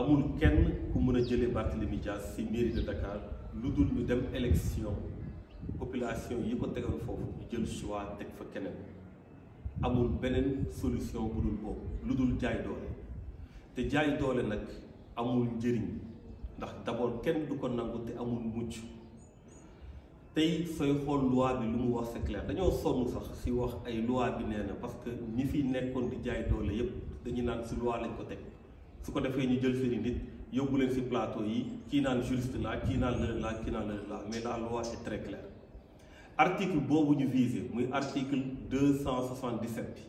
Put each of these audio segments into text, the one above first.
amul kenn ku mën a jëlee Barthélemy Dias ci mairie de Dakar lu dul ñu dem élection population yi ko tegal foofu ñu jël choix teg fa keneen amul beneen solution bu dul boobu lu dul jaay doole te jaay doole nag amul njëriñ ndax d'abord kenn du ko nangu te amul mucc tey sooy xool loi bi lu mu wax c'est clair dañoo sonn sax ci wax ay loi bi nee na parce que ñi fi nekkoon di jaay doole yépp dañu naan ci loi lañ ko teg su ko defee ñu jël seeni nit yóbbu leen ci plateau yi kii naan juriste la kii naan lële la kii naan lële la mais la loi est très claire article boobu ñu visé muy article 277 bi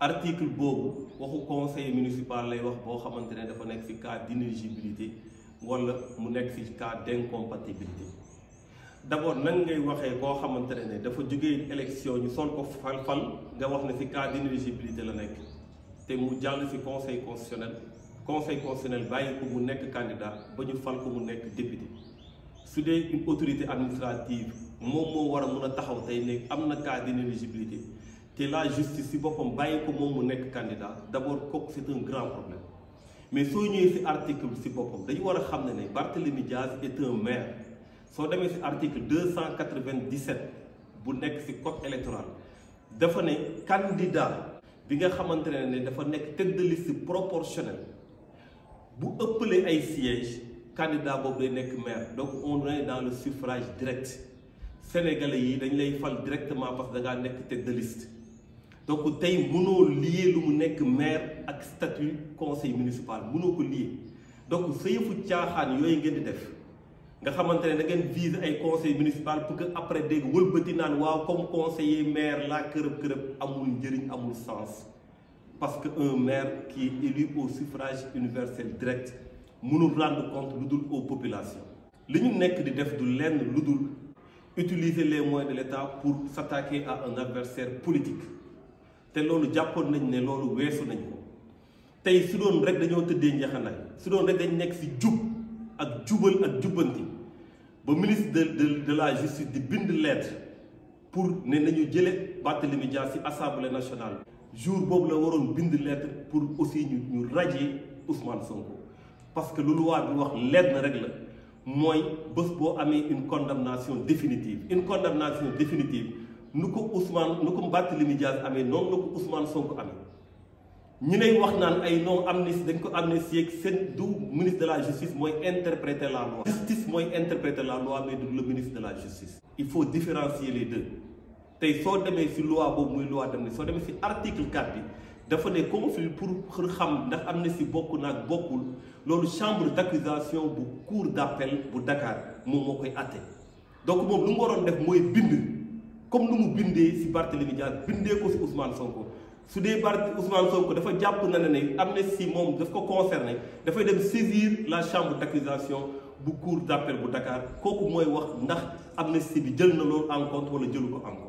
article boobu waxu conseil municipal lay wax boo xamante ne dafa nekk ci cas d'inéligibilité wala mu nekk ci cas d'incompatibilité d'abord nan ngay waxee koo xamante ne dafa jógee élection ñu sol ko fal fal nga wax ne ci cas d'inéligibilité la nekk te mu jàll ci conseil constitutionnel conseil constitutionnel bàyyi ko mu nekk candidat ba ñu fal ko mu nekk député su dee une autorité administrative moom moo war a mën a taxaw tey ne am na cas d'inéligibilité te la justice si boppam bàyyi ko moom mu nekk candidat d'abord kooku c'est un grand problème mais soo ñëwee si article si boppam dañu war a xam ne ne Barthélémy Diaz est un maire soo demee si article 297 bu nekk si code électoral dafa ne candidat bi nga xamante ne ne dafa nekk tête de liste bu ëppalee ay sièges candidat bobu day nekk maire donc on est dans le suffrage direct sénégalais yi dañ lay fal directement parce que da ngaa nekk tête de liste donc tay mënoo lier lu mu nekk maire ak statut conseil municipal mënoo ko lier donc sa yëfu caaxaan yooyu ngeen di def nga xamante ne da ngeen vise ay conseil municipal pour que après dégg wëlbati naan waaw comme conseiller maire la kërëb kërëb amul njëriñ amul sens parce qu'un maire qui est élu au suffrage universel direct mënul rendre compte lu aux populations Ce qui nekk di def du lenn lu utiliser les moyens de l'État pour s'attaquer à un adversaire politique C'est ce que nous nañ ne loolu weesu nañ ko tey su doon rek dañoo tëddee njaxanaay su doon rek dañ nekk ci jub ak jubal ak jubbanti ba ministre de de de la justice di bind lettre pour ne nañu jële les médias ci assemblée nationale jour boobu la waron bind lettre pour aussi ñu radier Ousmane Sonko parce que la loi bi wax de rek la règle, beuf bo une condamnation définitive une condamnation définitive Nous Ousmane nous ko Barthélémy Dias non, noonu Ousmane Sonko Nous avons ney wax naan ay non amnistie dañ ko amnistie sen du ministre de la justice qui interpréter la loi justice moy interpréter la loi mais du le ministre de la justice il faut différencier les deux tey soo demee si loi boobu muy loi d'amnistie soo demee si article 4 bi dafa ne conflit pour xam ndax amnistie bokk naag bokkul loolu chambre d'accusation bu cour d'appel bu Dakar moom moo koy atte donc moom lu mu waroon def mooy bind comme nu mu bindee si Barthélémy Dias bindee ko si Ousmane Sonko su dee Bart Ousmane Sonko dafa jàpp na ne ne amnistie moom daf ko concerné dafay dem saisir la chambre d'accusation bu cour d'appel bu Dakar kooku mooy wax ndax amnistie bi jël na loolu en compte wala jëlu ko en compte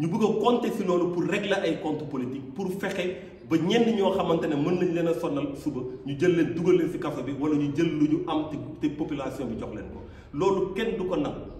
Nous pouvons compter sur pour régler les comptes politiques pour faire que ñenn gens qui ne mën nañ leen le suba ñu jël leen de leen population C'est jox